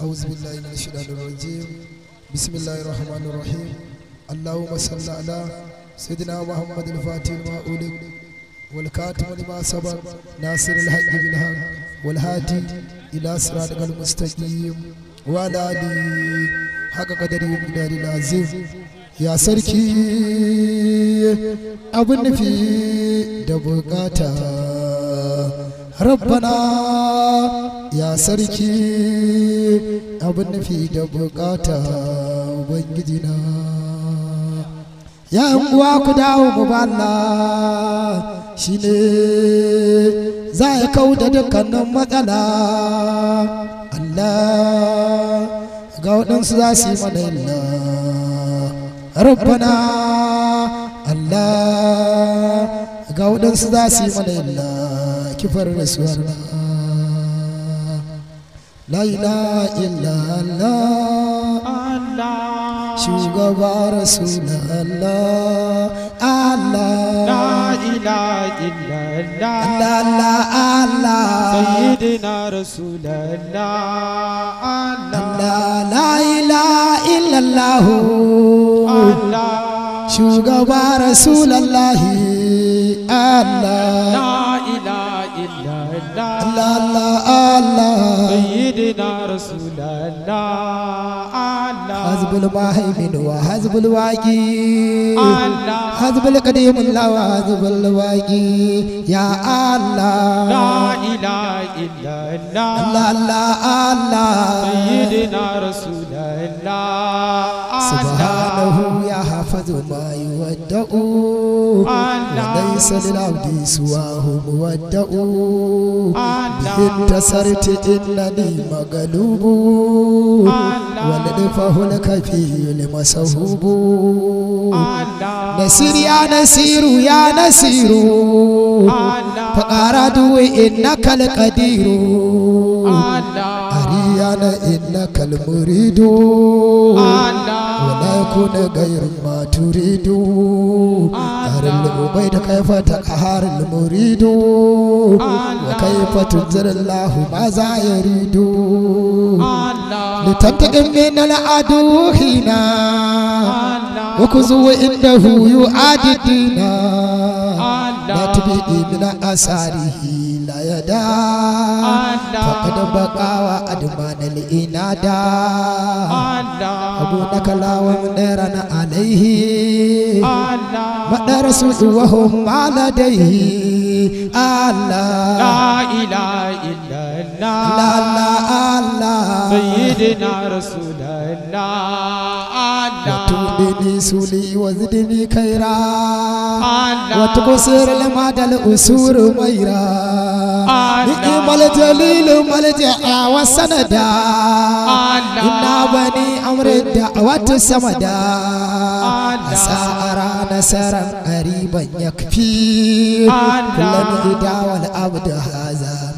أعوذ بالله من الشيطان الرجيم بسم الله الرحمن الرحيم اللهم صل على سيدنا محمد الفاتح ما أولك والكاتم لما سبق ناصر الحق بالحق والهادي إلى صراطك المستقيم وعلى آله حق قدره ومقداره العظيم ya sarki abin nufi da bukata rabbana ya sarki abin nufi da bukata ubangiji na ya uwa ku dawo mu ba shi shine za a kau da dukkanin matsala Allah ga waɗansu za su yi mana illa rabbana Allah ga waɗansu za su yi mana illa kifar rasuwar Allah la ilaha illallah Allah shugaba rasulullah Allah la ilaha illallah Allah Allah sayyidina rasulullah Allah la ilaha illallah Allah shugaba rasulullah Allah الله الله سيدنا رسول الله الله حزب المهيمن وحزب الواجي الله حزب القديم الله وحزب الواجي يا الله لا اله الا الله الله الله الله سيدنا رسول الله سبحانه يا يحفظ ما يودع وليس للعبد سواه مودع به انتصرت إنني مغلوب ولنفه الكفي المسهوب نسير يا نسير يا نسير فأرادوا إنك القدير أريانا إنك المريد ku da gairin maturidu harin lumubai da kaifata a harin lumuridu wa kaifatun zirin lahu ma ya ridu litanta in mena la'adu hina ku zuwa inda huyu adidina na tubi imina asarihi Allah ya da faqad baqa wa adman al inada abu nakala wa na, alaihi madar su wa hum aladaihi Allah la ilaha illa Allah Allah Allah sayyidina rasulullah suni wazidini kaira watu kusirli madal usuru maira ni mal jalil mal ja'a wa sanada inna bani amri da'wat samada asa ara nasaran qariban yakfi kullan ida wal abd hazar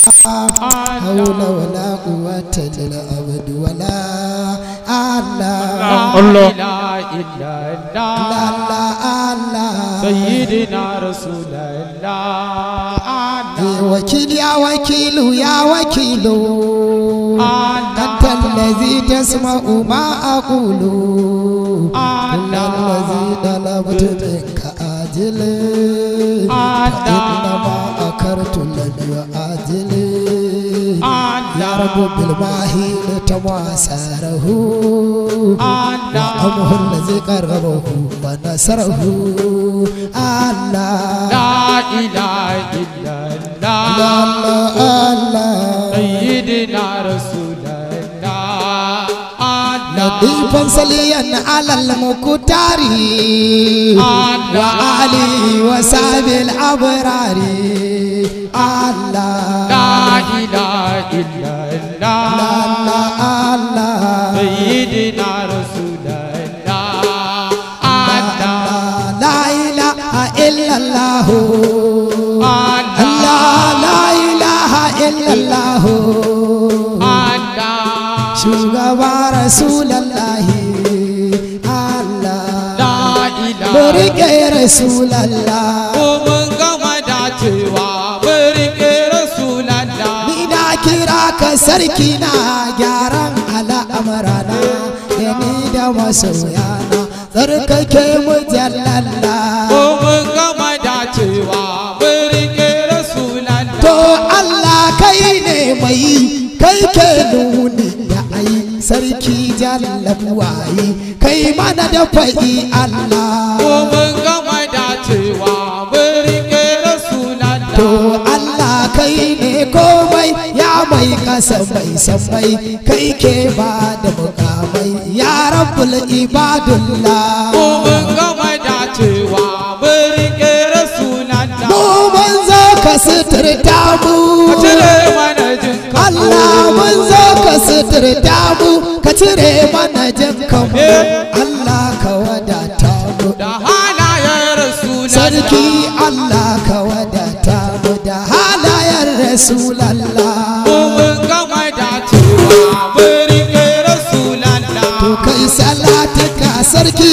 حول ولا قوة إلا أبد ولا الله الله لا إله إلا الله سيدنا رسول الله وكيل يا وكيل يا وكيل أنت الذي تسمع ما أقول كل الذي طلبت منك أجل فإنما أكرت لن يؤجل العرب بالماهي لتماسره وأمه الذي قربه ونصره الله لا إله إلا الله الله الله حيفا صليا على المكتاري وعلي وساب الابراري الله لا إله إلا الله الله سيدنا رسول الله الله لا إله إلا الله الله رسول الله rike rasulallah ko mun gama dacewa mun rike rasulallah ni na kira ka sarki na gyaran na da ni da masoyana tsarkake mu jallalla ko mun gama dacewa mun rike rasulallah to Allah kai ne mai kai ke nuni da ai sarki jalla kai mana da faɗi Allah ko mun gama dacewa mun rike rasulallah to Allah kai ne komai ya mai kasa samai kai ke ba da mukamai ya rabbul ibadullah ko mun gama dacewa mun rike rasulallah Mun manzo ka suturta mu a cire mana suturta mu ka cire mana jin kanmu eh. Allah ka wadata mu da halayen rasulallah sarki Allah ka wadata mu da halayen rasulallah mun ga wadatuwa mun rike rasulallah to kai salatu ka sarki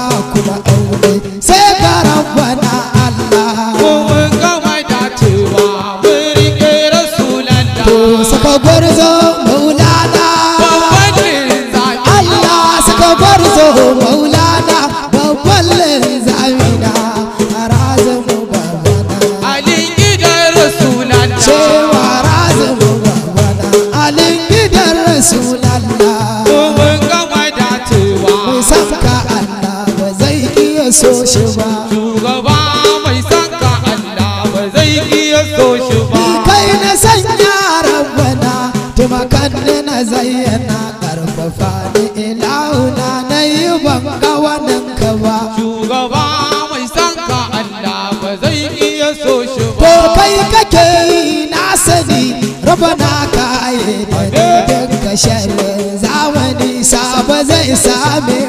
iya so shi ba shugaba mai sanka Allah ba zai iya so shi ba kai na sanya rabbana tumakan na zayyana karfafa ni ilahuna na yi banga wannan ba shugaba mai sanka Allah ba zai iya so shi ba to kai kake na sani rabbana ka ayyana ka sharrin zamani sa ba zai same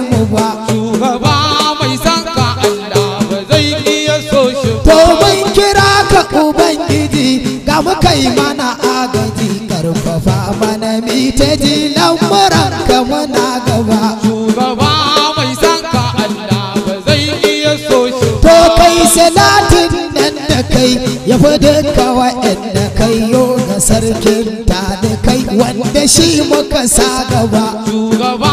samu kai mana agaji karfafa mana mi ta ji lamura ka gaba shugaba mai sanka Allah ba zai iya so to kai salatin nan da kai ya fi duka wa'anda kai yo ga sarkin ta da kai wanda shi muka sa gaba shugaba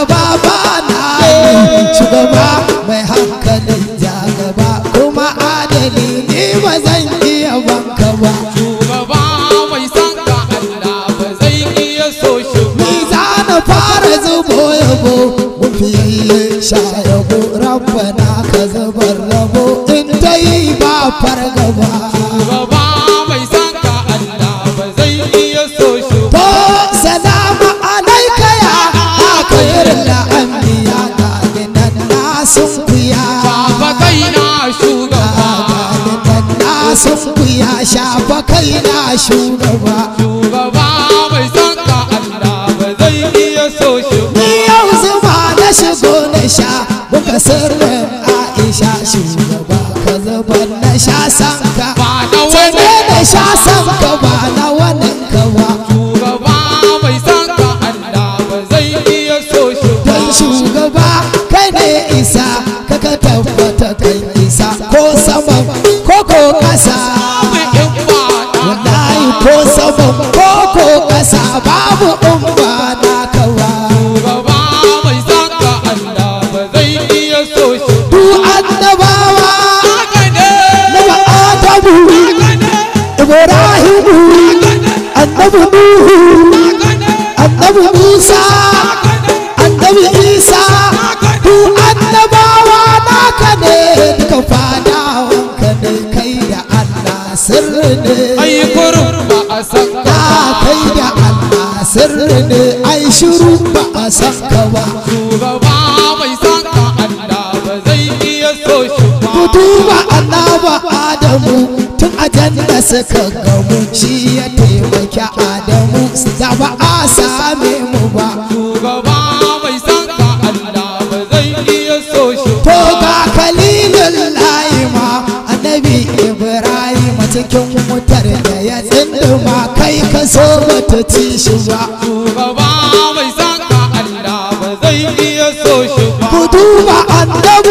rabo mun fiye shayabu rabbana ka zubar rabo in dai ba fargaba shugaba mai san ka Allah ba zai iya so shi ya akhirin ka kaina shugaba kaina shugaba شاسم كبانا ون annabi musa annabi isa du annabawa naka ne duka fadawanka ne kai da allah sirri ne ai ba a kai da allah sirri ne ai shiru ba a mai allah ba zai iya so shi ba ba adamu tun a janna suka gamu shi ya taimaki adamu da ba a same mu ba shugaba mai san ka Allah ba zai iya so shi to ga kalilun layima annabi ibrahim a cikin wutar da ya tsinduma kai ka so mata ci shi ba shugaba mai san ka Allah ba zai iya so shi ba ku duba annabi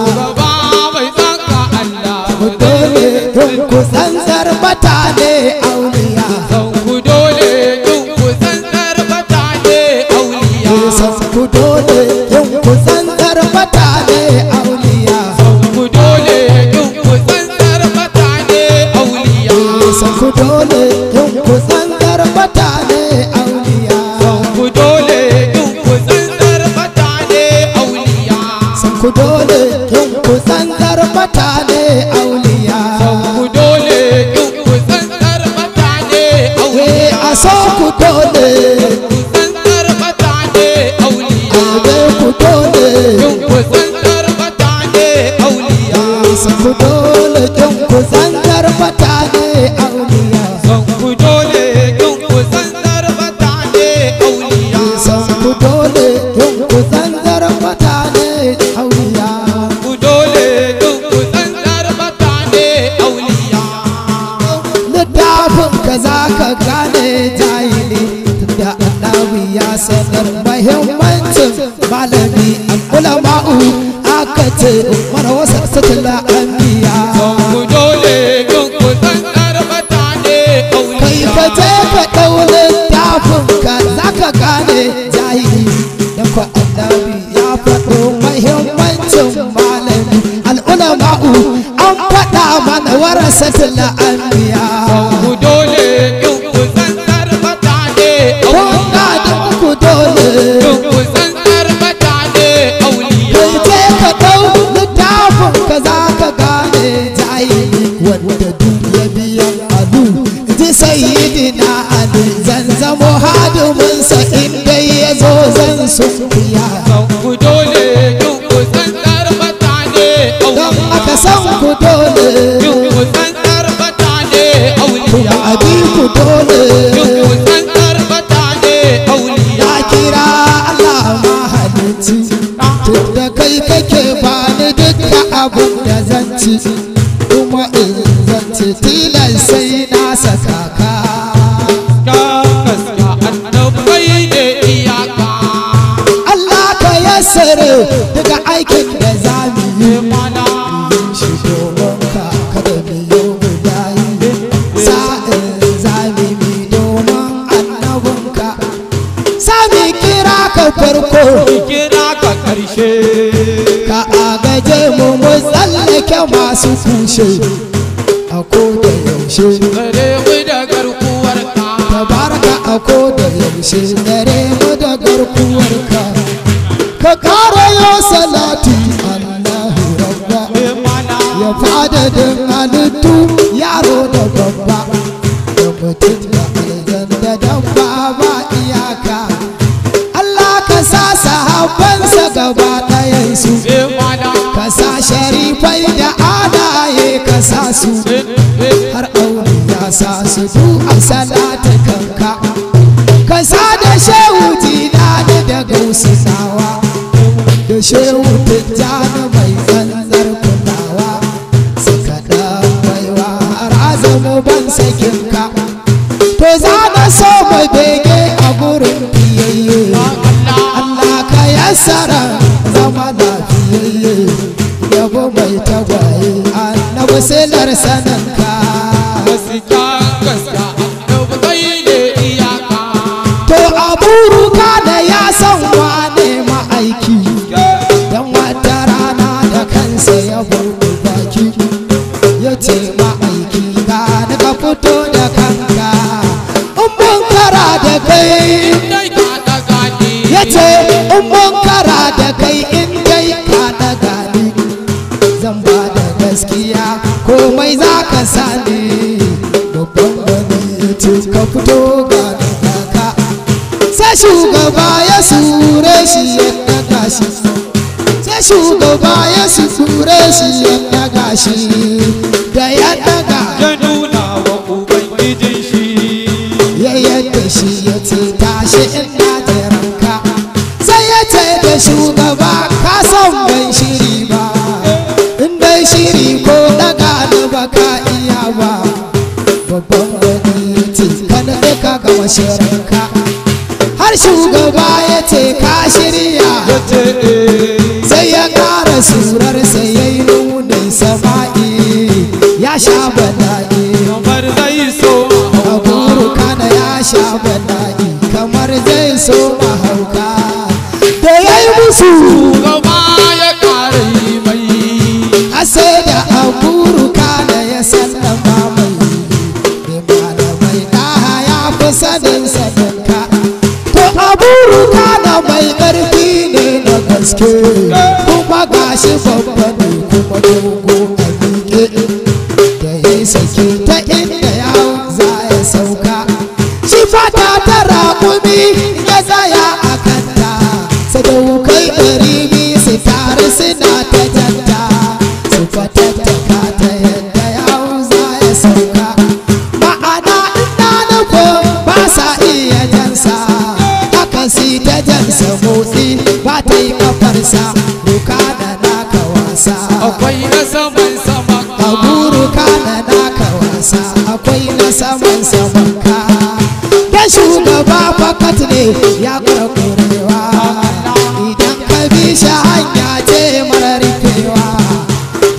masu kushe a koda yaushe gare mu da garkuwar ka tabaraka a koda yaushe gare mu da garkuwar ka ka kare yo salati Allahu rabba ya fada da halittu yaro da babba sasu har aure ya sasu du a salata kanka ka sa da shehu jidani da gausu sawa da shehu tijjani mai tsantsar kulawa suka dan baiwa har azamu ban sakin وسل أرسانك komai za ka sani babban gani ya ce ka fito gani kaka sai shugaba ya sure shi ya daga shi sai shugaba ya sure shi ya daga shi da ya daga ya nuna wa ubangijin shi ya yadda shi ya ce tashi wa shirinka har shugaba ya ce ka shirya sai ya ƙara surarsa ya yi nunin sama'i ya sha what you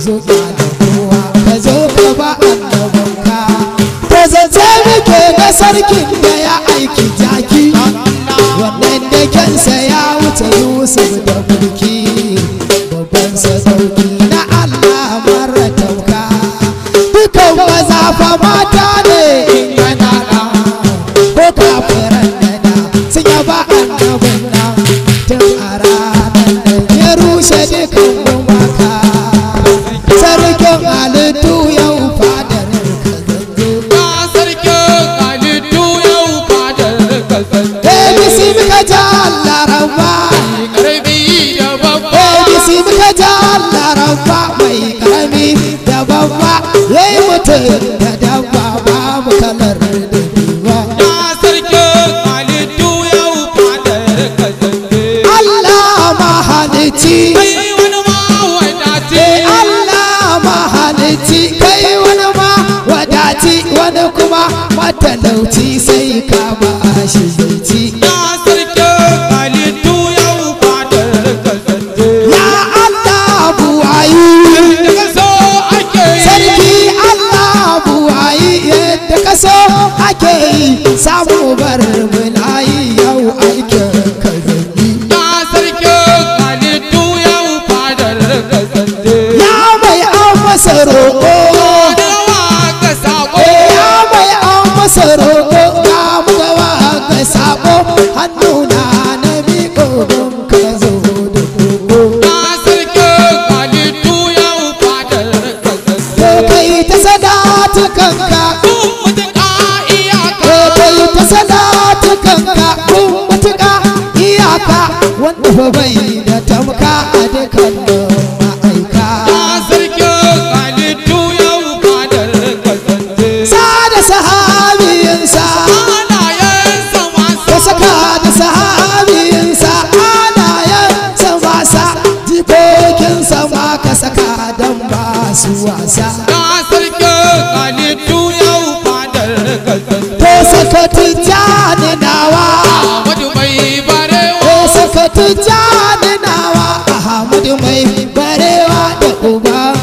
zuba da kowa ka zo da ba annabanka ta zance sarkin da ya aiki jaki wannan da kansa ya wuce yusuf da fa bai da tamka a dukkan ma'aika sarki kalitu yau kadar kasance sa da sahabiyinsa alayensa wasa ya saka da sahabiyinsa alayensa wasa jikokinsa sama ka saka don ba su wasa sarki kalitu yau kadar kasance to saka tijjani nawa ahmadu mai barewa da uba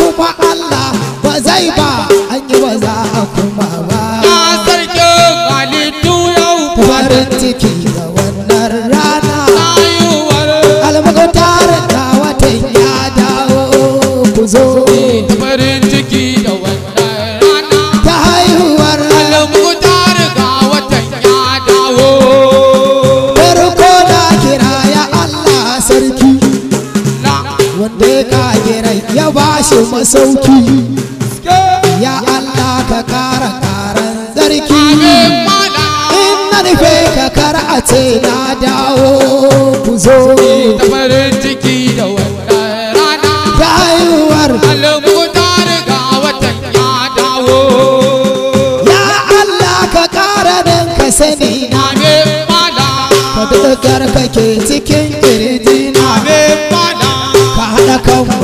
ka ba shi masauki ya Allah ka kara karan zarki ina na ka kara a ce na dawo ku zo ta ka kara ka sani kake cikin kirjina ne ka hada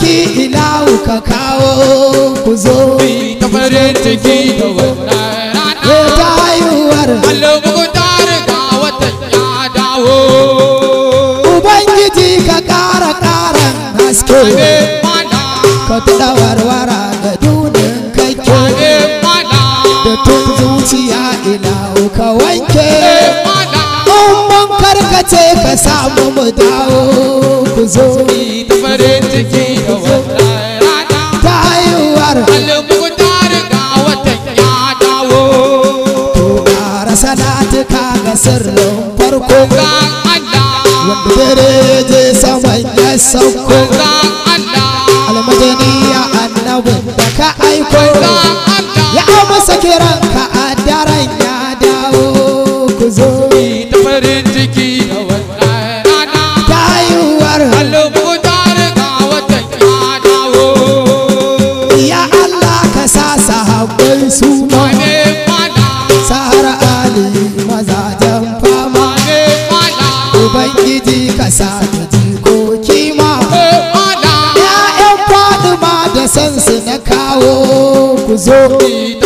ciki ila ka kawo ku zo ta farin ciki da wannan rana ta haihuwar almukutar ga wata ya dawo ubangiji ka kara ƙaran haske ka tada warwara ga dunin kai kake da tun zuciya ila ka wanke in karkace ka samu mutum sirrin farko wanda dare je saman ya sauko almajani ya annabin da ka aiko ya amsa kiran ka sókè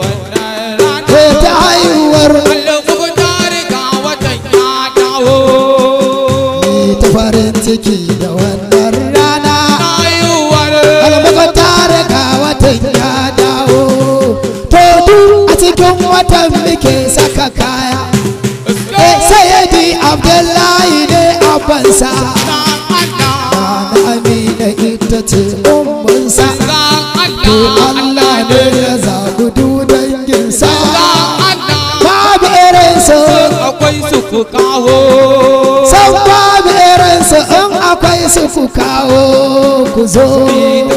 mukhtar al-mukhtar ga watan ya dawo ni farin ciki da wannan rana ayuwar al-mukhtar ga dawo to duk a cikin watan muke saka kaya eh sayyidi abdullahi ne abansa na amina ita ce ummansa to Allah ne ya kawo san babu su in akwai su ku kawo ku zo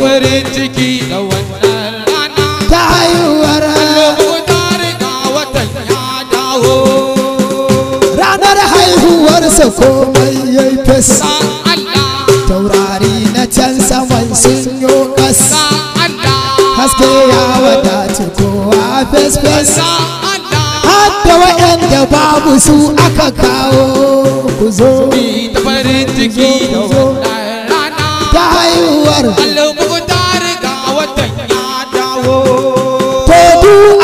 farin ciki da wannan rana haihuwar ranar haihuwarsa komai ya yi taurari na can saman sun yi haske ya wadata kowa fes fes babu su aka kawo ku zo ta farin ciki rana ta haihuwar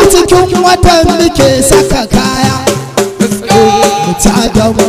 a cikin watan muke saka kaya ta da mu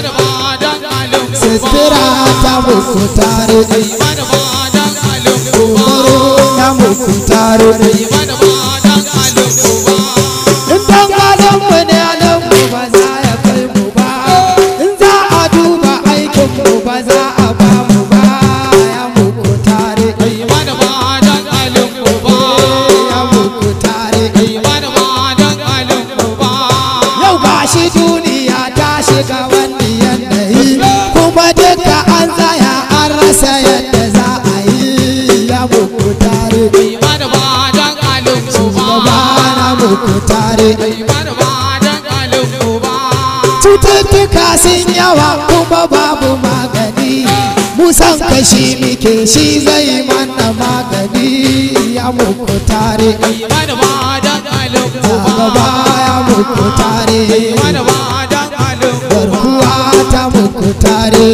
Misira ta muku tare Umaru na muku tare daɗi cututtuka sun yawa kuma babu magani musan kashi muke shi zai mana magani ya muku tare gaba ya muku tare garkuwa ta muku tare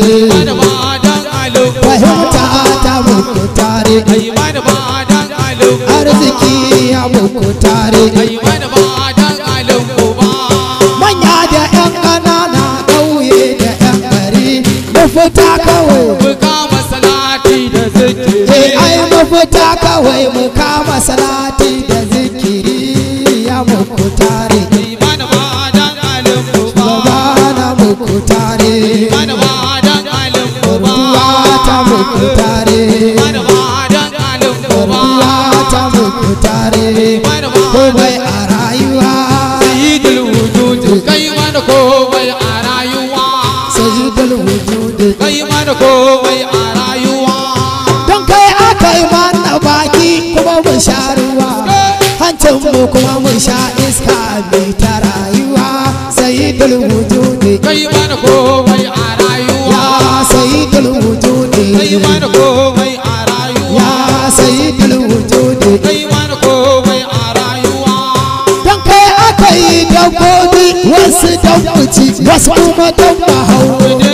fahimta ta muku tare arziki ya muku tare mafita kawai mu kama da zikiri eh, ai mafita kawai mu salati da zikiri ya muku tare imani da komai a rayuwa don kai aka yi mana baki kuma mun sha ruwa hancin mu kuma mun sha iska mai ta rayuwa sai dulwuju ne kai mana komai a rayuwa sai dulwuju ne kai mana komai a rayuwa sai ne kai mana komai a rayuwa don kai aka yi dabbobi wasu dabbuci wasu kuma dabba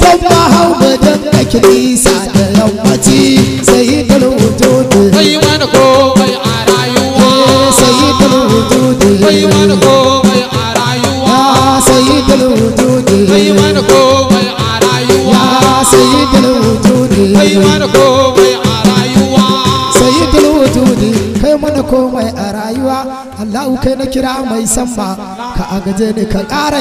san ma hau mutum da kilisa da yammaci sai da eh, rubutu da bai mana ko bai a rayuwa sai da rubutu kai mana ko mai kai na kira mai san ka agaje ni ka ƙara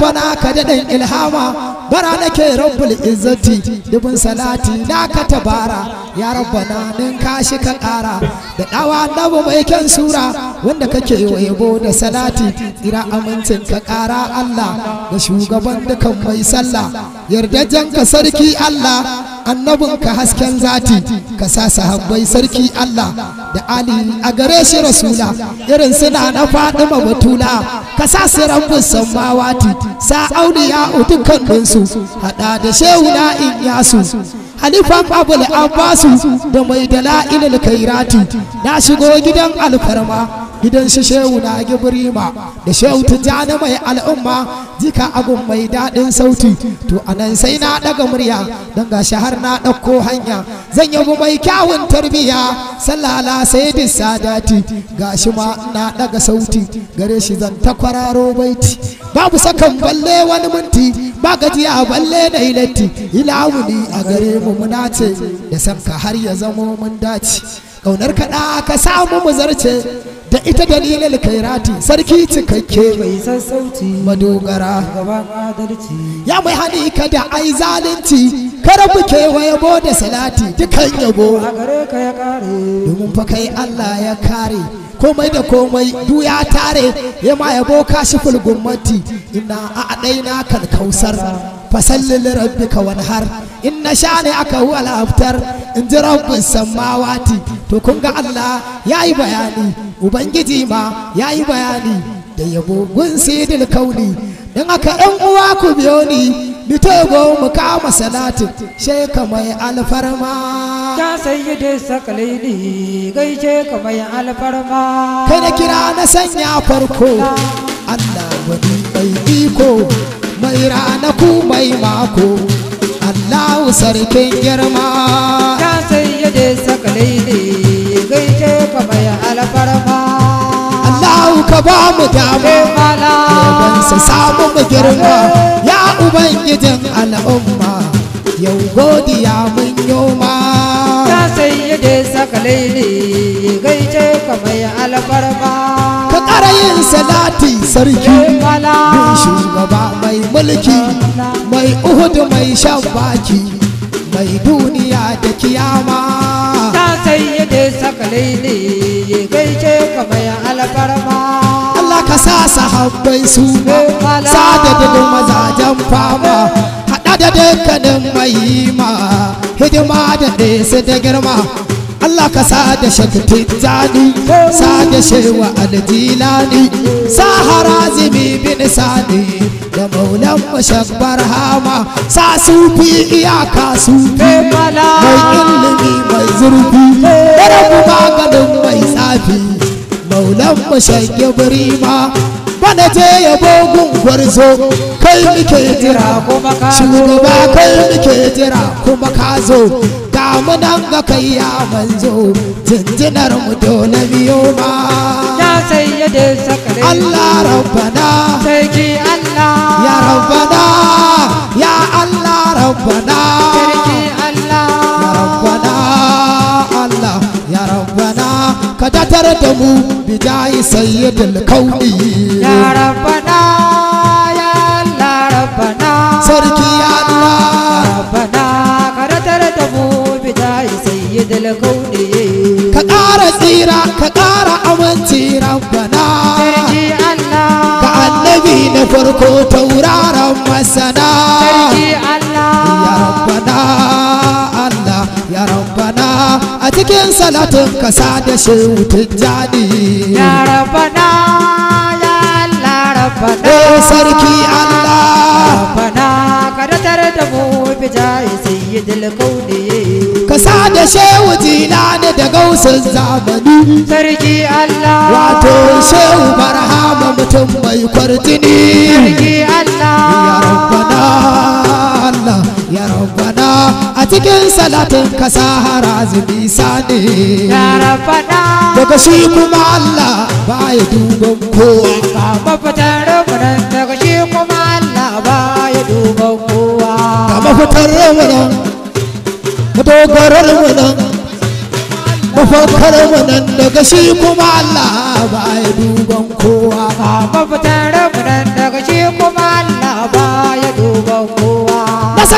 ba ka daɗin ilhama bara nake rabbul izzati dubun salati na ka tabara ya rabbana nin ka shi ka kara da dawa annabi mai kyan sura wanda kake yabo da salati ira amincin ka kara Allah da shugaban dukan mai sallah yarda jan ka sarki Allah annabin ka hasken zati ka sa sahabbai sarki Allah da Ali a gare shi rasula irin suna na fadima Batula ka sa su rambun sammawati sa auni ya kan su hada da shehu na su halifan abul abbasu da mai dala'ilil kairati na shigo gidan alfarma gidan shi shehu na gibrima da shehu na mai al'umma jika abun mai daɗin sauti to anan sai na ɗaga murya don ga shahar na ɗauko hanya zan yi mu mai kyawun tarbiya sallala sayyidin sadati gashi ma na daga sauti gare shi zan ta kwararo baiti babu sakan balle wani minti ba gajiya balle da ilatti ilawuni a gare mu muna ce da sanka har ya zamo mun dace kaunar kaɗa ka samu mu zarce da ita dalilin kairati sarki cikakke mai sassauci madogara ya mai hani kada da ai zalunci kada ku kewa yabo da salati dukan yabo domin fa kai Allah ya kare komai da komai du ya tare ya ma yabo ka shi fulgummati inna a adaina kan kausar fasallin rabbika wanhar in na sha ne aka huwa laftar in ji rabbin samawati to kun ga Allah ya yi bayani ubangiji ma ya yi bayani da yabo gun sidil kauli don aka dan uwa ku biyo ni bitogo mu kama salatin she mai alfarma ya sayyide sakalaini gaishe ka mai alfarma kai na kira na sanya farko Allah wani mai iko mai ranaku mai mako Allah sarkin girma ya sayyide sakalaini gaishe ka mai alfarma Allah ka ba mu damu ban sa samu mu girma ubangijin al'umma yau godiya mun yoma ta sayyade sakalai ne gaice ka mai alfarma ka ƙara yin salati sarki mai shugaba mai mulki mai uhud mai shan baki mai duniya da kiyama ta sayyade sakalai ne gaice ka mai alfarma sahabbai su ne mazajen fama hada da dukkanin mahima hidima da nesa da girma Allah ka sa da shakti zani sa da shewa aljilani sa harazimi bin sani da maulan mashak barhama sa sufi iyaka sufi mai ilimi mai zurfi da rabu maganin mai tsafi maulan mashak ibrima bana je yabo gun gwarzo kai muke jira kuma ka zo shugaba kai muke jira kuma ka zo ga mu nan ga kai ya manzo jinjinar mu dole biyo ma ya sayyade sakare Allah rabbana sai ki Allah ya rabbana ya Allah rabbana ka tatar da mu bi jayi sayyidul kauni ya rabbana ya allah rabbana sarki ya allah rabbana ka tatar da mu bi jayi sayyidul kauni ka ƙara tsira ka ƙara aminci rabbana sarki allah ka annabi na farko tauraron masana sarki allah ya rabbana a cikin salatin ka da shi wutun jadi ya rabana ya Allah rabana, o sarki Allah rabana ka datar da mu bi jayi sayyidil kauni ka sada shi wutina ne da gausun zamani sarki Allah wato shehu barhama mutum mai kwarjini sarki Allah ya rabana Allah ya rabana a cikin salatin ka sahara zubi sani daga shi kuma Allah ba ya duban kowa ba mafitar rumunan daga shi kuma Allah ba ya duban kowa ba mafitar rumunan madogarar rumunan mafakar rumunan daga shi kuma Allah ba ya duban kowa ba mafitar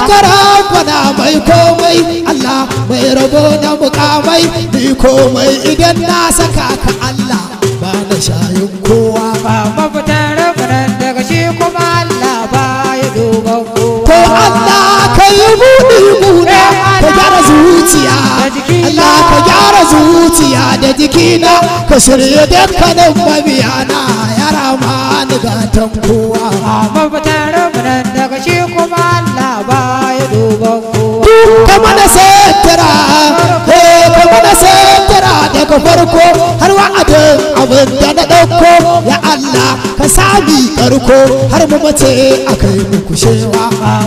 sarakuna mai komai Allah mai rabo na mukamai ni komai idan na saka ka Allah ba na shayin kowa ba mafitar furen daga shi kuma Allah ba ya duban kowa ko Allah ka yi buɗe buɗe eh, ka gyara zuciya Allah ka gyara zuciya da jikina ka shirya dukkanin mabiyana yara ma ni gatan kowa mafitar kuma na satara kuma satara daga farko har wa'adin abin da na ɗauko ya Allah ka sami karko har mu mace a kai mu kushewa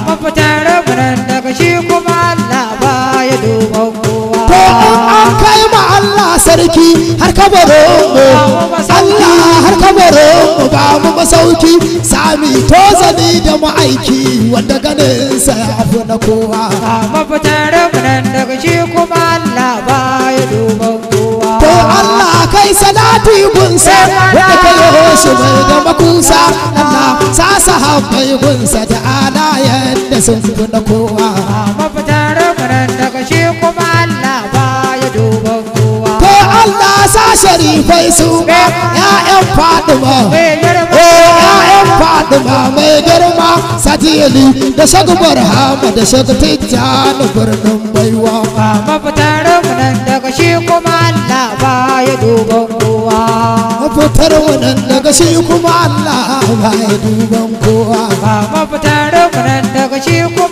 mafita rabaran daga shi kuma Allah ba ya duban kowa sarki har kabarin mu Allah har kabarin mu ba mu masauki sami tozali da mu aiki wanda ganin sa afu na kowa mafitar nan daga shi kuma Allah ba ya duba kowa Allah kai salati sa wanda kai su mai da makusa Allah sa sahabbai sa da alayen da sun fi na kowa sharifai su ma ƴaƴan faduma o ƴaƴan faduma mai girma eh, satili da shagubar hama da shagutijja na birnin baiwa mafitar mu nan daga shi kuma Allah ba ya duban kowa mafitar mu nan daga shi kuma Allah ba ya duban kowa mafitar mu nan daga shi kuma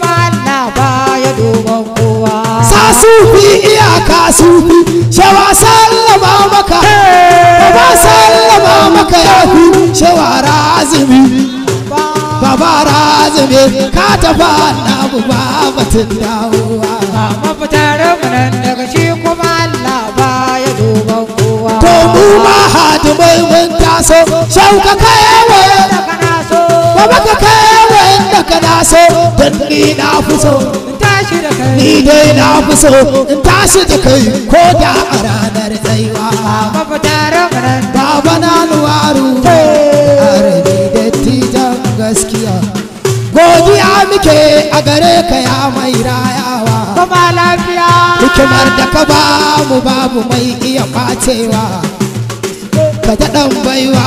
sufi iyaka sufi shawa sallama maka baba sallama maka ya fi shawa razumi baba razumi ka tafa na buba batun dawowa amma fitarar da nan daga shi kuma Allah ba ya duban kowa to mu ma mai mun taso shauka kai wa kuma ka kai wanda ka na so don ni na fi so ni dai na fi so in tashi da kai ko da a ranar tsaiwa baba na nuwaru da gaskiya godiya muke a gare ka ya mai rayawa kuma lafiya hikimar da ka ba mu babu mai iya kwacewa ka ta dan baiwa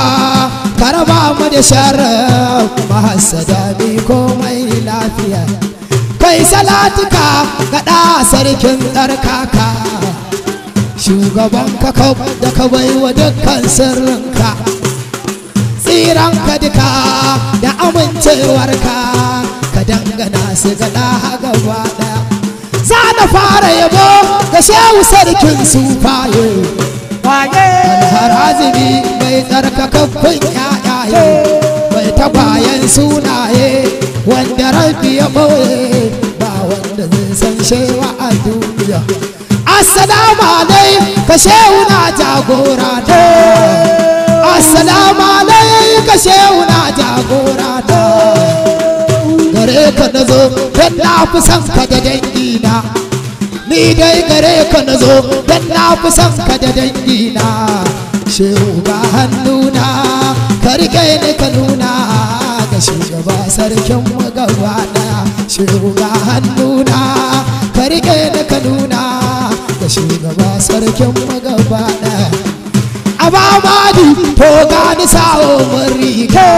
ka raba mu da sharar mahasada bi komai lafiya kai salatuka ga da sarkin ɗarkaka. shugaban ka da ka baiwa dukkan sirrinka tsiranka duka da amincewarka ka dangana su ga gaba ɗaya za na fara yabo ga shehu sarkin sufaye kwaye har azumi mai yaya yayaye mai tagwayen sunaye wanda rabi ya boye ba wanda zai san shewa a duniya assalamu alaika na jagora ta assalamu alaika na jagora ta gare ka nazo ta na son ka da ni dai gare ka na zo dan na fi ka da dangina shehu ba hannuna ka rike ni ka nuna ga shugaba sarkin magaba na shehu ba hannuna ka rike ni ka nuna ga shugaba sarkin magaba na abamadi to gani sawo mariga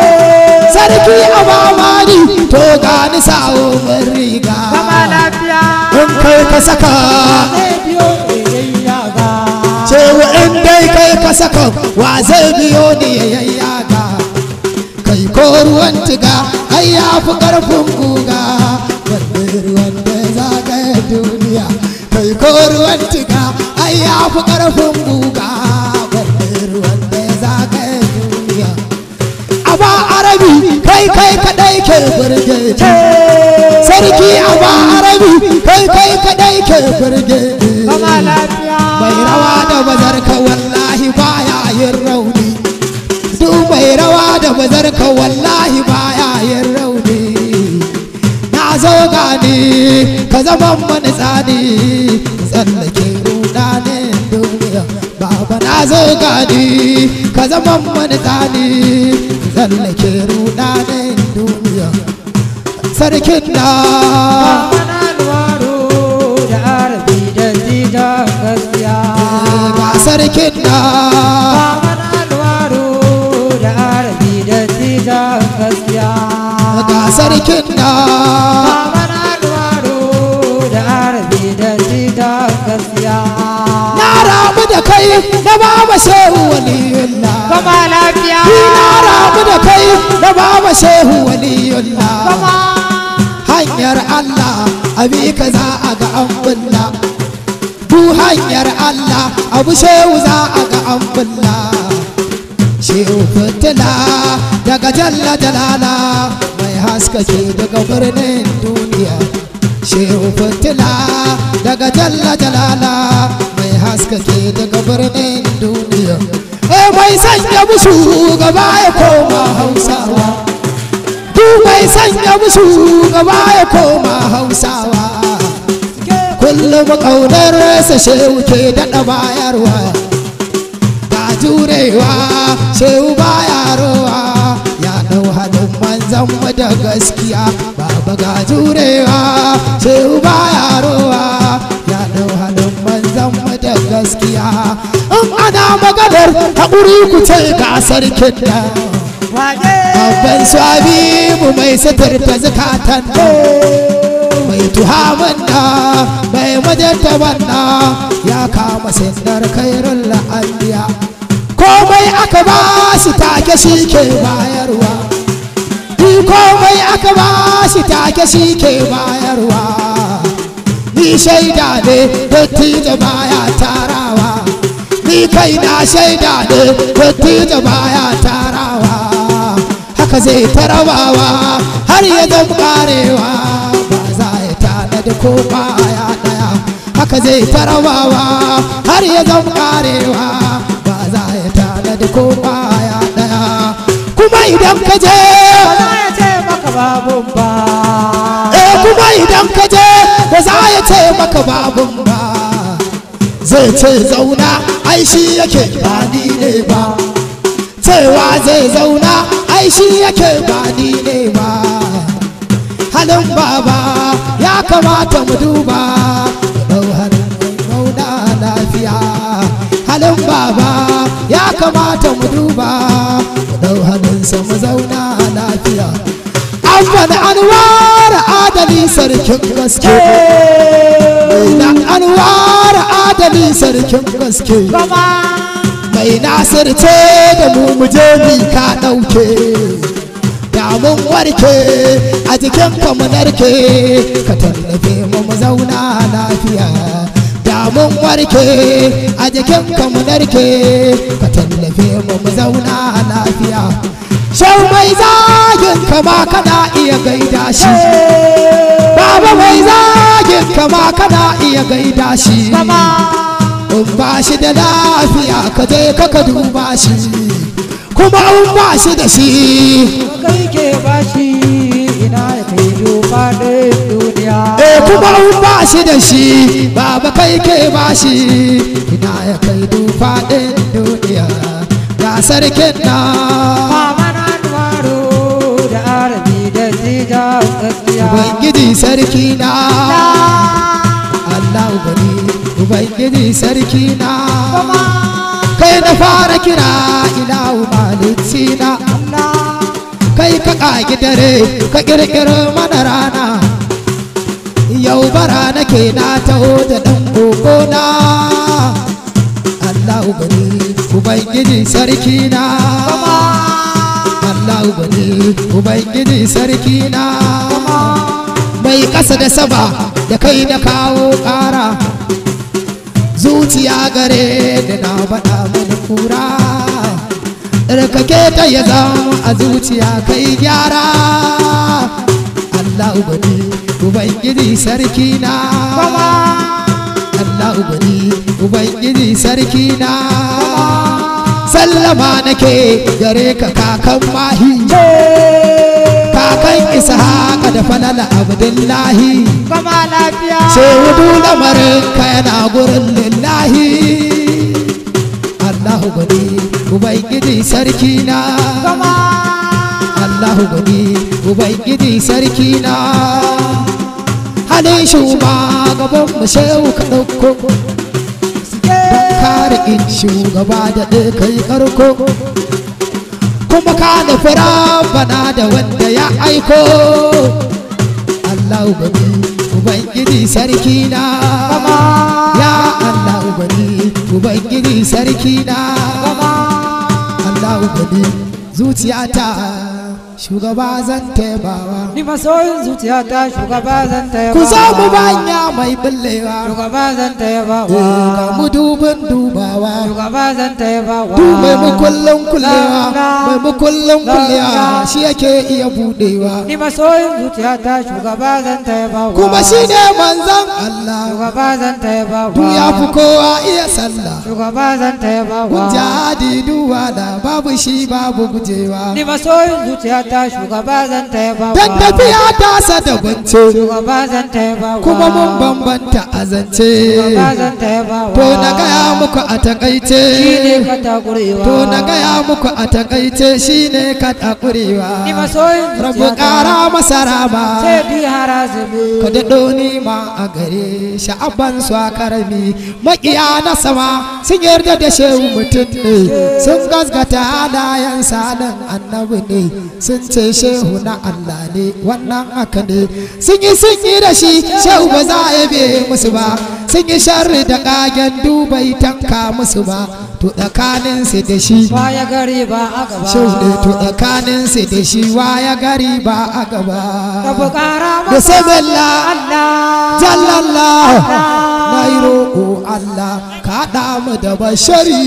sarki abamadi to gani sawo mariga kama lafiya kai ka saka cewa in dai kai ka saka wa zai biyo ni yayya ga kai ko ruwan tiga ai ya fi karfin guga wanda ruwan da zagaya duniya kai ko ruwan tiga ai ya fi karfin guga arabi kai kai kadai ke burgece sarki aba arabi kai kai kadai ke burgece bai rawa da ka wallahi baya yin rauni du bai rawa da ka wallahi baya yin rauni na zo gani ka zama mani tsani tsallake bana zai gadi ka zaman mani zan tsallake ruɗa na duniya sarkin na sarkin na sarkin na kai da baba shehu waliyullah Kuma lafiya ni na rabu da kai da baba shehu waliyullah Kuma hanyar Allah abi ka za a ga an bulla du hanyar Allah abu shehu za a ga an bulla shehu fitila daga jalla jalala mai haska ke daga birnin duniya shehu fitila daga jalla jalala haskake daga birnin duniya eh, mai sanya musu gaba ya koma hausawa du mai sanya musu gaba ya koma hausawa kullum ƙaunar sa shehu ke daɗa bayarwa ta jurewa shehu bayarwa halin manzan mu da gaskiya baba ga jurewa Shehu bayarwa gaskiya in ana maganar haƙuri ku ce ga sarkin da babban swabi mu mai satar ta zukatan da mai tuhaman da mai majanta banna ya kama sindar kairun Ko komai aka ba su take shi ke bayarwa komai aka ba shi take shi ke bayarwa ni shaida ne hoti baya tarawa ni kai na shaida ne hoti baya tarawa haka zai tarawawa har ya zan karewa ba za ya da ko baya daya haka zai tarawawa har ya zan karewa ba za ya da ko baya daya kuma idan ka je ba za ya ce maka babu ba kuma idan ka je da za ya ce maka babun ba zai ce zauna ai shi yake ba ni ne ba cewa zai zauna ai shi yake ba ni ne ba halin baba ya kamata mu duba halin baba ya kamata mu duba dau hannunsa mu zauna lafiya an faɗi anwar adali sarkin gaske mai na anwar adali sarkin gaske mai nasirce da mu muje ni ka ɗauke damun warke a jikin kamunarke ka tallafe mu mu zauna lafiya damun warke a jikin kamunarke ka tallafe mu mu zauna lafiya Shau mai zagin kama kana iya gaida shi Baba mai zagin kama kana iya gaida shi In ba shi da lafiya ka je ka ka duba shi Kuma in ba shi da shi Kai ke ba shi ina ya kai yi faɗin duniya eh, kuma in ba shi da shi Baba kai ke ba shi ina ya kai yi faɗin duniya Ya sarkin na ubangiji sarki na Allah ubani ubangiji sarki na kai na fara kira ilahu malici na kai ka kagi dare ka kirkiro mana rana yau bara nake na taho da dan koko na Allah ubani ubangiji sarki na Allahu gwani ubangiji sarki na mai kasa da saba da kai da kawo ƙara zuciya gare da na baɗa mana kura tsarkake ta ya zama a zuciya kai gyara Allah ubani ubangiji sarki na Allah ubani ubangiji sarki na sallama nake gare ka kakan mahi kakan ishaqa da falala abdullahi kuma lafiya sai wudu lamarin ka yana gurin lillahi Allahu gani ubangiji sarki na Allahu gani ubangiji sarki na halin shuma gaban mu sai ka dauko kare in shugaba da kai karko kuma ka nufi bana da wanda ya aiko Allah ubani ubangiji sarki na ya Allah ubani ubangiji sarki na Allah ubani zuciyata shugaba zan taibawa ni masoyin zuciya ta shugaba zan taibawa ku zo mu banya mai billewa shugaba zan taibawa eh, ga mu dubin dubawa shugaba zan taibawa du mai mu kullum kullewa mai mu kullun kullewa shi yake iya budewa ni masoyin zuciya ta shugaba zan taibawa kuma shi ne manzon Allah shugaba zan taibawa du ya fi kowa iya sallah shugaba zan taibawa kun jadi duwa da babu shi babu gujewa ni masoyin zuciya ta shugaba zan taya baba dan tafiya ta sa da gwance shugaba zan taya wa kuma mun bambanta a zance shugaba zan taya baba to na gaya muku a takaice shine ka takurewa to na gaya muku a takaice shine ka takurewa ni yin rabu kara masara ba sai di harazubi ka da doni ma a gare abban su a karami makiya na sama sun yarda da shehu mutum ne sun gasgata yan sadan annabi ne sun sun ce shehu na Allah ne wannan haka ne sun yi sun yi da shi shehu ba za a yabe musu ba sun yi sharri da kagen dubai tanka musu ba to tsakanin su da shi waya gari ba a gaba shehu ne to tsakanin su da shi waya gari ba a gaba ka bukara masa Allah jallallah na yi roƙo Allah ka haɗa mu da bashari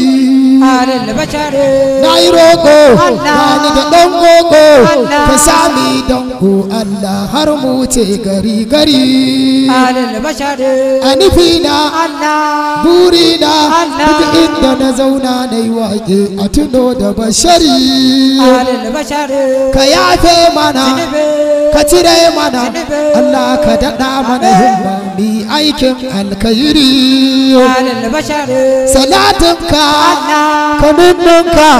na yi roƙo na ni da ɗan gogo ka sami danko Allah har mu ce gari gari a nufi na buri na duk inda na zauna na yi waƙe a tuno da bashari ka yafe mana ka cire mana Allah ka daɗa mana himma aikin alkhairi salatinka ka nunnunka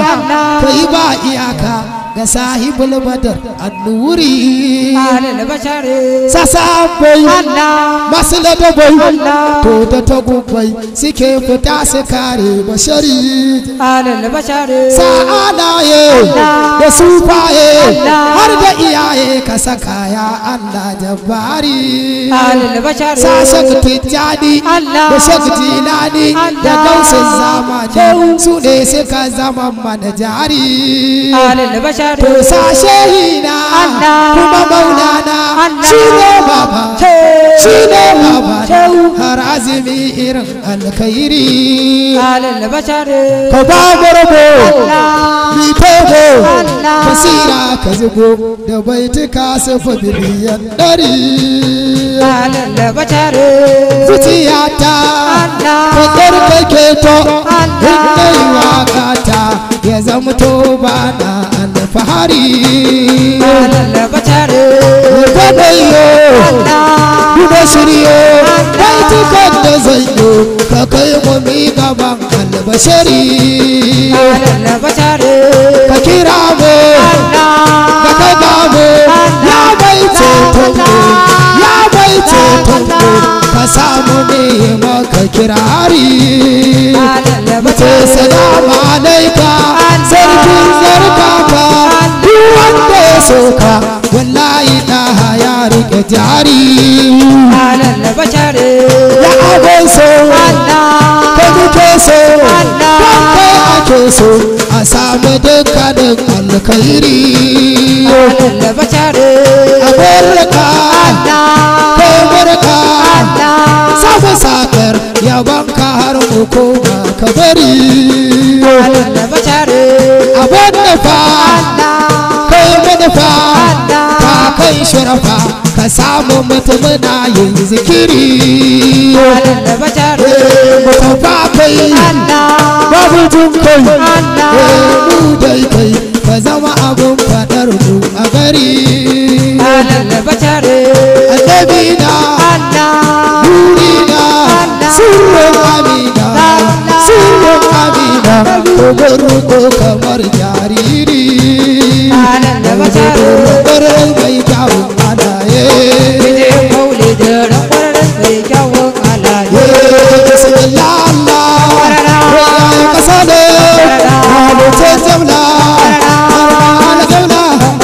ka yi ba iyaka ga sahibul badar annuri sasabai masu ladabai to da tagubai suke fita su kare bashari sa'alaye da sufaye har da iyaye ka saka ya Allah jabari sasa shek tijjani da shek jilani da gausin zamani su ne suka zama mana jari to sa na kuma mauna na shi ne baba shi ne baba har azumi irin alkhairi ka ba gurbo ni togo ka sira ka zugo da baituka sufa bibiyan dari lallabacare zuciyata kakar kake Allah, inda yi wakata ya zama to ba na alfahari Allah, gwadayo guda shirye wai tukar da zanyo ka kai gumi gaban albashari lallabacare ka kira mu ka samu ne maka kirari mace salamu alaika sarkin zarkafa duk wanda ya soka wallahi na ya rike jari ya abin so ka duke so kanka ake so a samu dukkanin alkhairi abin rika yaban ka har mu koma ka bari abin da fa kai mana fa ka kai sharafa ka samu a yin zikiri eh, mutafa kai babu jin kai eh, mu dai kai ka zama abin fadar mu a bari. Eh, annabi dogon ruko kamar jariri anan da masaro barar mai kyawun alaye kije kaule da rakwar mai kyawun alaye bismillah Allah wa kasa da halittar jamla halittar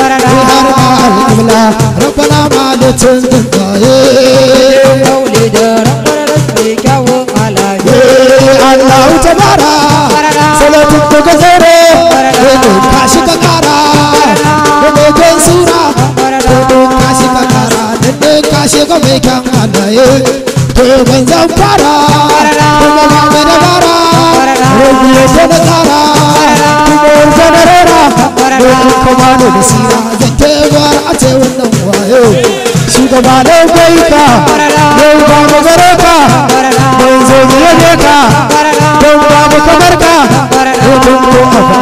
jamla rabbana malitin gozere domin kashi ka kara kuma ba mai dabara kuma kuma a ka zo ne ka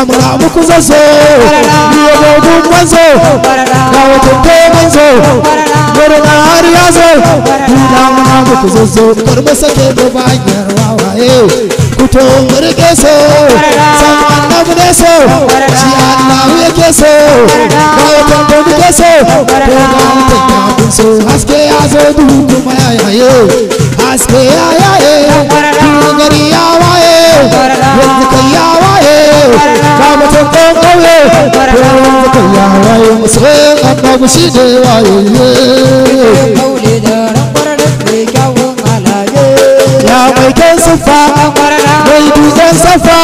Namorava com o Zezé não do é Manzão Na outra tem Manzão Moro na área azul Namorava com o Zezé Quando você quebrou vai, quero lá, eu fito murke so san annabi ne so shi allahu yake so ga watan da muke so to ga watan da so haske ya zo duhu kuma ya yaye haske ya yaye gari ya waye yanzu kai ya waye ga mutum ko kauye to yanzu kai ya waye musulun annabi shi ne waye ya mai kyan sufa wajen safa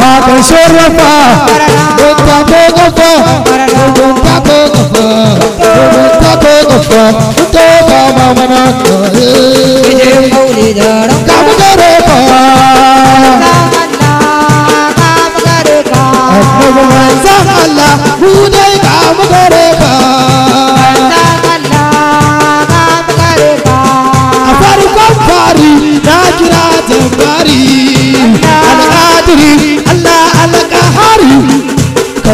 ba ƙarshen rafa don ta ko gafa don ta ko gafa don ta ko gafa ta ba mana kare ka mu da rafa A farkon fari na kira jambari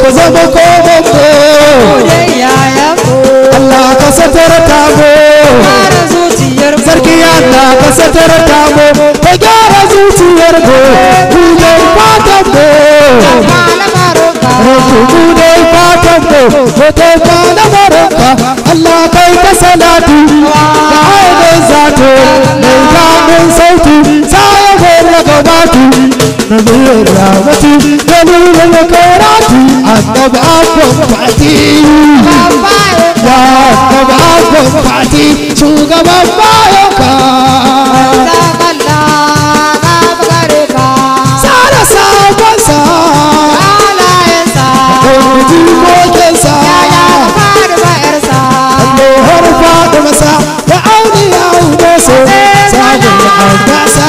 ku zama komon mu Allah ka satarta mu sarki Allah ka satarta mu ka gyara zuciyar mu mu ne fatan mu Rabu mu ne fatan mu mu ne kalamarin ka Allah kai ka salatu da ainihin zato mai daɗin sauti sa لك باتي نبي برامتي جميل مكوراتي الطبع قطعتي يا الطبع قطعتي شو قبل بايوكا Fatima sa da auni ya hudo so sabon albasa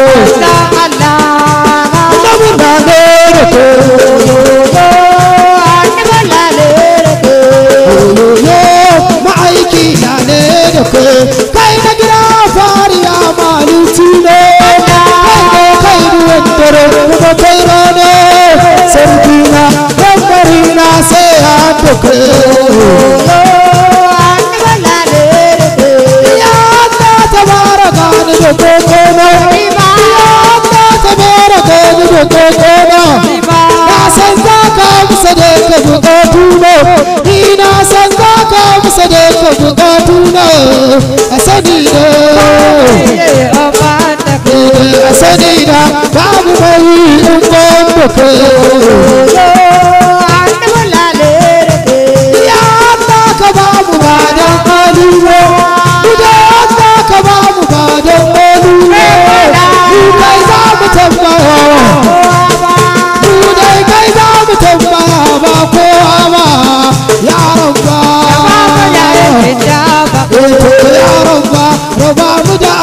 quiero unos peirones, no, tu sanina babu mai in ban da kai ya Allah ka babu ba dan hali ba ya Allah ka babu ba dan hali ba mu kai za mu tambaya mu dai kai za mu tambaya ba kowa ba ya rabba ya rabba ya rabba rabba mu da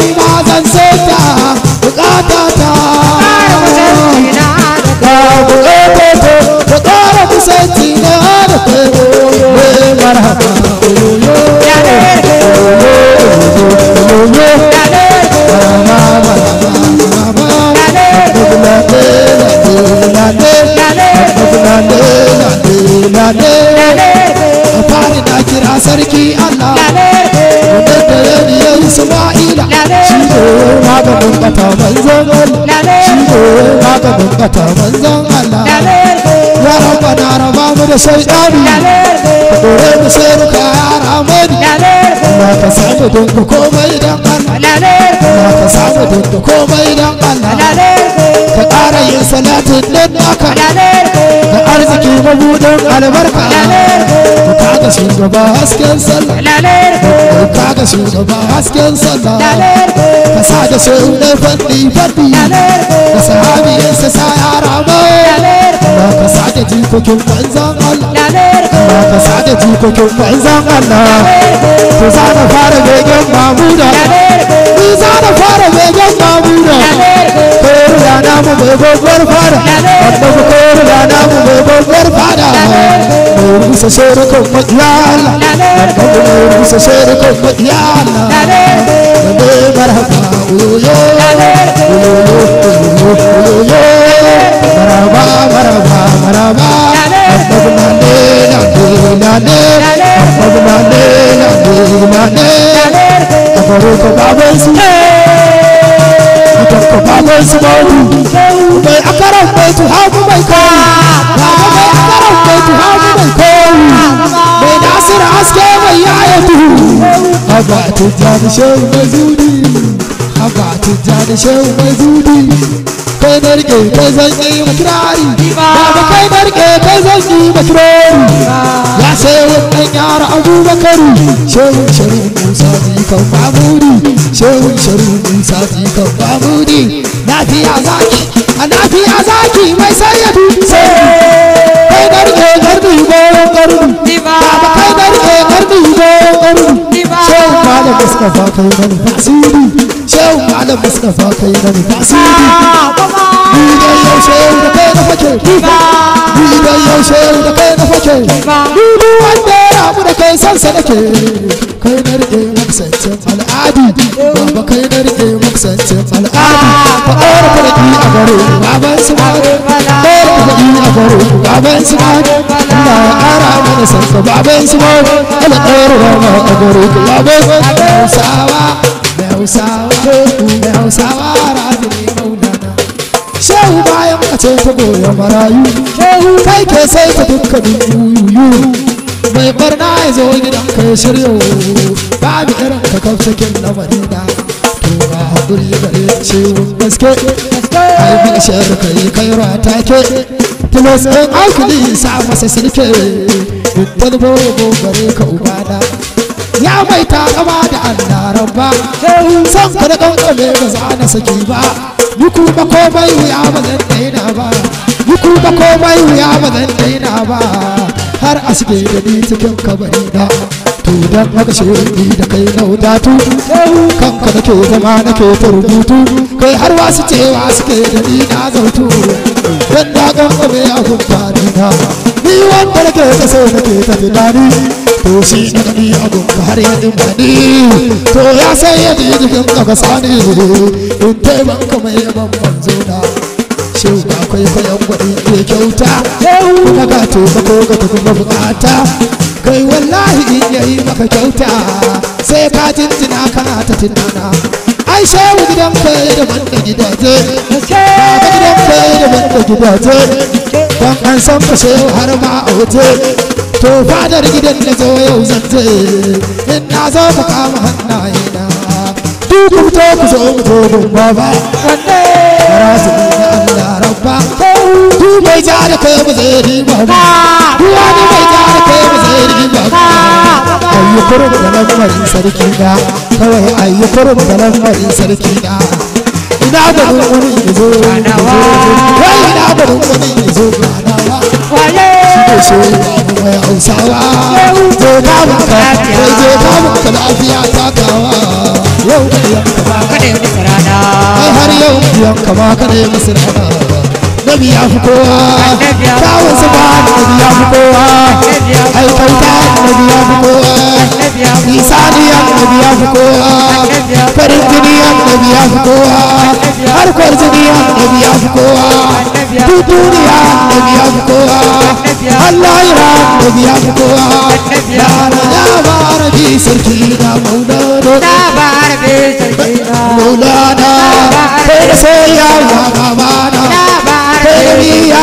ni ma zan saita bukata ta ka bukata ta ka kara da shaidani ka dore mu sai ruka yar amani Allah ka samu don ka komai dan Allah Allah ka samu don ka komai dan Allah ka ƙara yin salatin nan naka da arziki mabudan albarka ka kaga shugaba hasken sallah ka kaga shugaba hasken sallah ka sa da shehu na fanni fanni ka sahabi yin sa sa yara mai كوكب عنزان الله ما فسعدتي كوكب عنزان الله تزعل فارغ يجم معمودة تزعل فارغ يجم معمودة كور لا نام بغور فارغ أبو كور لا نام بغور فارغ نور سسيركم مجلال نور سسيركم مجلال مرحبا ويو ويو maraba ya maraba ko mai akaran tu tu yaya haba tijjani shehu mai zudi kai na rike zan yi makirari baba kai na rike zan yi makirari ya shehu ɗan yara abubakar shehu sharu musa jikan mamudi shehu sharu musa jikan mamudi lafiya zaki a lafiya zaki mai sayyadu kai na rike gardu goron gardu baba kai na rike gardu goron gardu shehu malam mustafa kai mana fasiri shehu malam mustapha kai da ne tasiri ni da yaushe da kai na fake ni da yaushe da kai na fake ni wanda rabu da kai san sa nake kai na rike maksancin al'adi baba kai na rike maksancin al'adi fa ɗora kuɗi a garo baban su ma ɗora kuɗi a garo baban su ma Allah ya ƙara mana sansa baban su ma ana ɗora ma a garo baban sawa hausawa shehu mai hausawa rabin maulana shehu bayan mace ta goyon marayu shehu kai ke sai ta dukkanin yuyuyu mai barna ya zo gidan kai shiryo babu irin ka kafsakin na madina to ba haƙuri gare shehu gaske ai bishiyar kai kai rata ke tilas ɗin alkuli sa masa sirke duk wani bobo gare ka ubana ya mai kama da Allah rabba san ka da kankame ba za na saki ba ni kuma komai wuya ba zan daina ba ni kuma komai wuya ba zan daina ba har a suke da ni cikin kabari da to dan haka ni da kai na wadatu kanka nake zama nake turbutu kai har wasu cewa suke da ni na zautu dan da kankame a gumfa na iwan wanda nake ta so nake ta tunani to shi na ni abun ka har ya to ya sai ya ji jikin ka sani in dai ban kuma ya ban manzo na shehu ba kai kyauta kuma ka to ka ko kuma bukata kai wallahi in yayi maka kyauta sai ka jinjina kana tafi tunana ai shehu gidan kwaye da banda gidaje baba gidan kwaye da banda gidaje don an san ba shehu har ma a wuce to fadar gidan da zo yau zance in na zo mu kama hannaye duk ku to zo to baba wanda ra mai ja da kai zai ri baba du wani mai ja da kai zai ri lamarin sarki kawai a yi kurum da lamarin sarki na ina da wani ganawa wai ina da wani izo ganawa yi har yau ka nabi ya fi kowa kyawun zuba nabi ya fi kowa alkauta nabi ya fi kowa isaniya nabi ya fi kowa farin jiniya nabi ya fi kowa harkar jiniya nabi ya fi kowa duniya nabi ya fi kowa allahira nabi ya fi kowa lara ya bara bi sarki na maulana na bara bi sarki na maulana sai da sai ya baba ladabi ya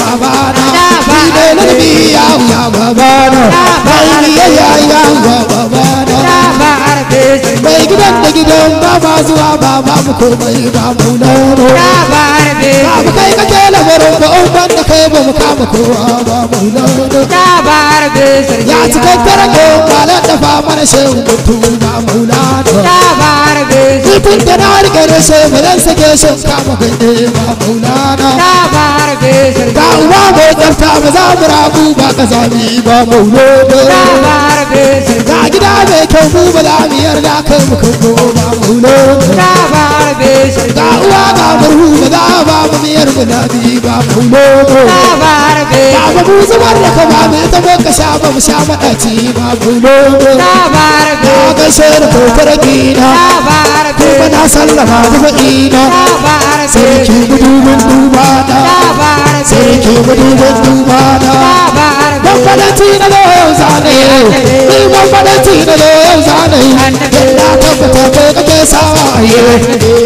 babana ni ne ladabi ya babana bayan yaya ya gidan da gidan baba zuwa baba ba mu nono kai kake lamarin ko ya cikakken ko kalan mana shehu tun da na harkare sai ba zan sake sun kama kai ba maulana na ba harbe shirka uwa mai tsafta ba za mu rabu ba ka zami ba maulodo na ba harbe shirka gida ba za mu kai mu ba na ba ba za ba mu na bi ba na ba ba ba da ka ba mai ba ka sha mu sha ba na ba bana sallama maina sarki guduban dubana sarki guduban dubana dan falantina da yau zane ni dan falantina da yau zane na tabbata kai kake sawaye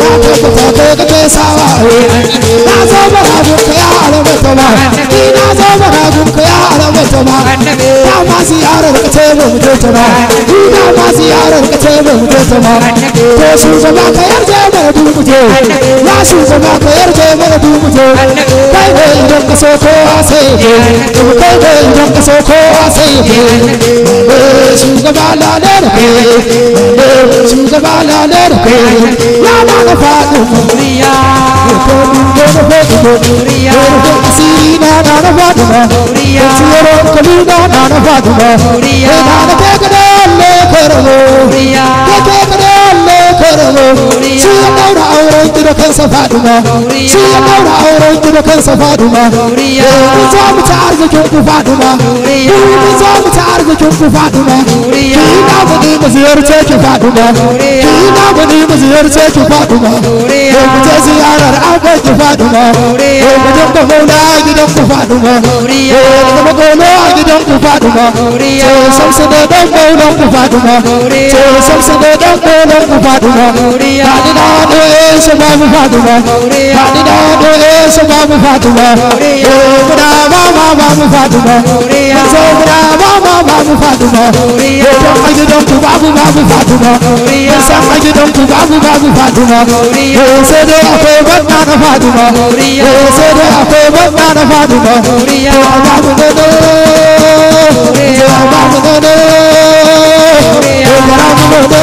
na tabbata kai kake sawaye na zo bara gunka ya alamatama ni na zo bara gunka ya alamatama Ina ma ziyarar ka ce mu ta Ina ma ziyarar ka ce mu ta To ka yarje Ya shugaba ka yarje Kai ne idan ka so kowa sai Kai ne idan ka so kowa sai ke Shugaba lale da kai Shugaba lale da kai Ya ma na faɗin duniya Nuriya Sirina Nana Fatima Nuriya Siro Kalina Nana Fatima Nuriya Nana Pekadale Karalo Nuriya Pekadale shi ya daura auren ki da kansa faduma shi ya daura auren ki da kansa que domin za mu ci arzikin ku faduma domin za mu ci arzikin ku faduma ki yi nagani mu ziyarce ki faduma ki yi nagani que ziyarce ki faduma ko ku je a gidan ku faduma ko ku zama gono a gidan ku faduma ce samsu da dan gonon ku faduma ce samsu da dan gonon Candidato esse, vamos Fatuma. Candidato esse, vamos Fatuma. Jogo da mama, vamos Fatuma. Jogo da mama, vamos Fatuma. Esse é mais de dentro, vamos, vamos Fatuma. Esse é mais de dentro, vamos, vamos Fatuma. Esse é da fama, tá na Fatuma. Esse é da fama, tá na Fatuma. Vamos, vamos, vamos, vamos, vamos, vamos,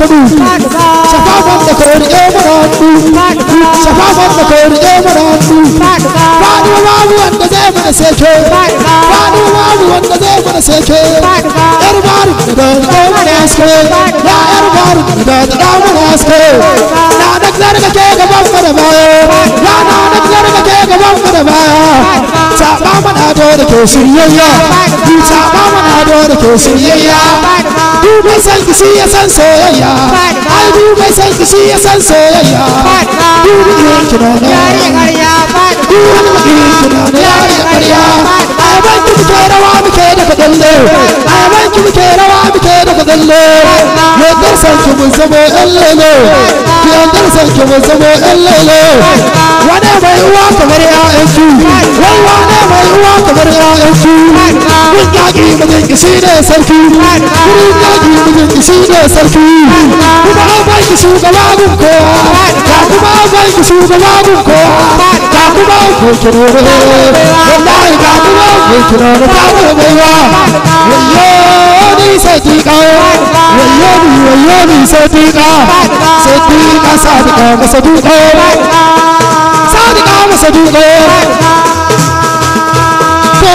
sabu shafa ban da kawar ɗaya maratu shafa ban da kawar ɗaya maratu faɗi babu wanda the mana seke faɗi babu wanda the mana seke yar the da ba da ɗaya mana the ya yar bari ke gaban mu da baya ke gaban mu Ai mai san ki shi ya san soyayya Ai du san ki shi ya san soyayya Du mai ki na na Du mai ki na na Ai ban ki rawa dafa tsalle ki muke rawa muke dafa Ya yardar sarki mun zama yan lele yardar sarki mun zama yan lele wane mai uwa kamar ya'yan su wane mai uwa kamar ya'yan su mun yaƙi mijin kishi ne sarki mun yaƙi mijin kishi ne sarki kuma bai ki shugaba mun ko. Ka kuma bai ki shugaba mun kowa ga kuma an kai wallahi ga kuma वैयोनी सदीका वैयोनी वैयोनी सदीका सदीका सदीका मसदूका सदीका मसदूका तो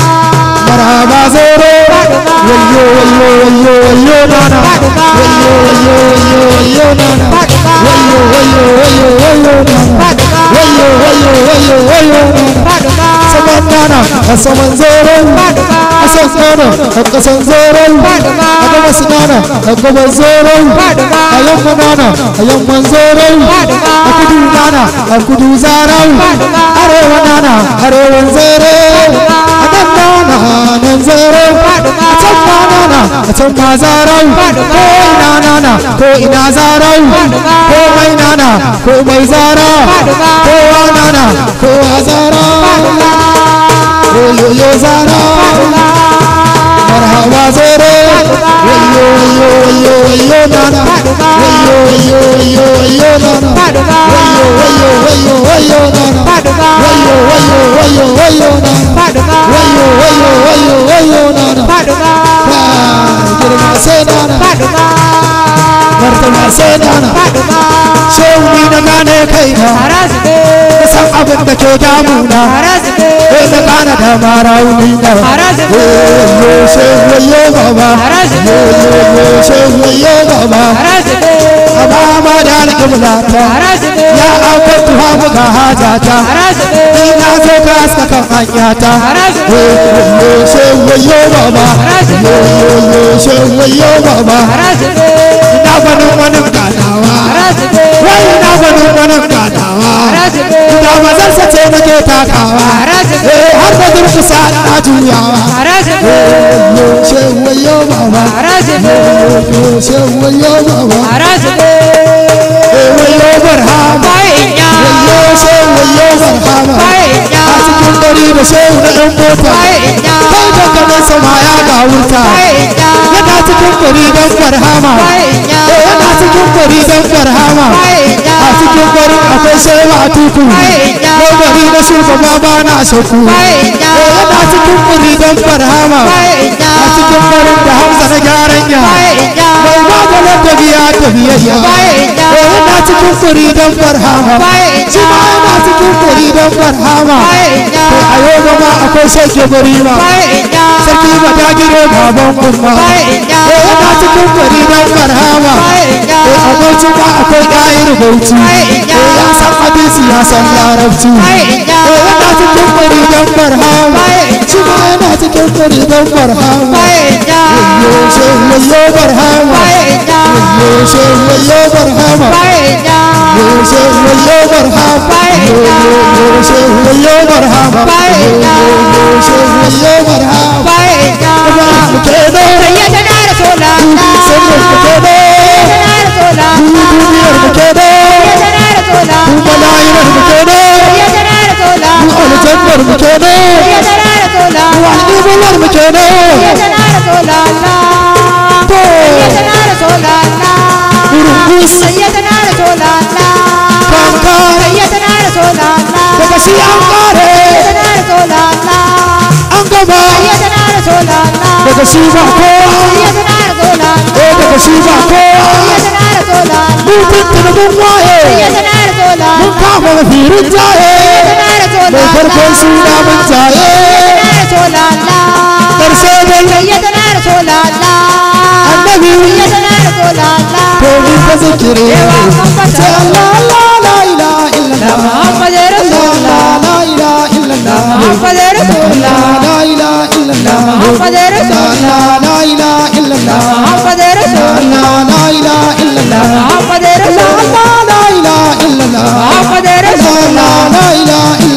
Barabazoro Wayo wayo wayo nana Wayo wayo wayo wayo nana Wayo wayo wayo wayo nana Wayo wayo wayo wayo nana Saman nana Saman zoro Asan nana Akasan zoro Agamas nana Agamas zoro Ayamma nana Ayamma zoro Akudu nana Akudu zara Arewa nana Arewa zero zaro a can ma nana a can ma zarau ko ina nana ko ina zarau ko mai nana ko zara ko wa nana ko wa zara yo yo yo zara marhaba yo yo yo yo yo nana yo yo yo yo nana yo yo yo yo nana yo yo yo yo nana wayo wayo wayo girma shehu na na ke damuna da mara wuni shehu shehu أمام دار قبلة يا أبتها بك حاجاتا دينا سوكاس كفانياتا يو شو يو بابا يو يو شو Willow Warhammer. Willow Warhammer. alkawari da shehu na ɗan mota kai daga nan sama ya ga wuta yana cikin kwari don kwarhama yana cikin kwari don farhama a cikin kwari akwai shehu a tuku kwari na shugaba ba na shaku yana cikin kwari don farhama a cikin kwarin da hamza na gyaran ya mai maganin tafiya tafiyayya yana cikin kwari don farhama shi ma yana cikin kwari don farhama. a yau zama akwai sauke gari ma sarki ba ta gire baban kuma e eh, yana cikin gari don marhama e eh, abinci ma akwai ɗayar bauchi e ya san hadisi ya san larabci e yana cikin gari don marhama shi ma yana cikin gari don marhama yayyo shehu yayyo marhama yayyo shehu yayyo marhama yayyo shehu Yes, yes, yes. shi an kare an gaba daga shi ba kowa daga shi ba kowa mutum tunabin waye mun kafa firin jaye mai farkon suna mun jaye ƙarshe dai annabi domin ta zikiri sai Allah la ilaha illallah محمد رسول الله لا اله الا الله محمد رسول الله لا اله الا الله محمد رسول الله لا اله الا الله محمد رسول الله لا اله الا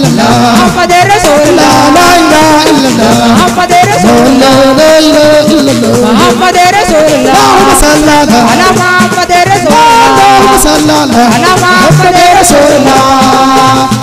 الله محمد رسول الله لا اله الا الله محمد رسول الله لا اله الا الله محمد رسول الله لا اله الا الله محمد رسول الله اللهم صل على محمد رسول الله اللهم صل على محمد رسول الله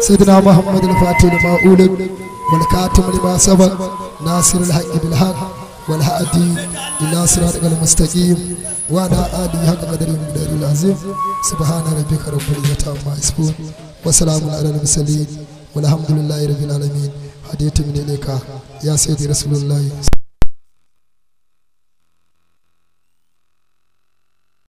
سيدنا محمد الفاتح لما أولد والكاتم لما سبق ناصر الحق بالحق والهادي bila sirat gal mustaqim wa da adi haqq qadarin da azim subhana rabbika rabbil izzati amma yasifun wa salamun ala al mursalin walhamdulillahi rabbil alamin hadithu min ilayka ya sayyidi rasulullah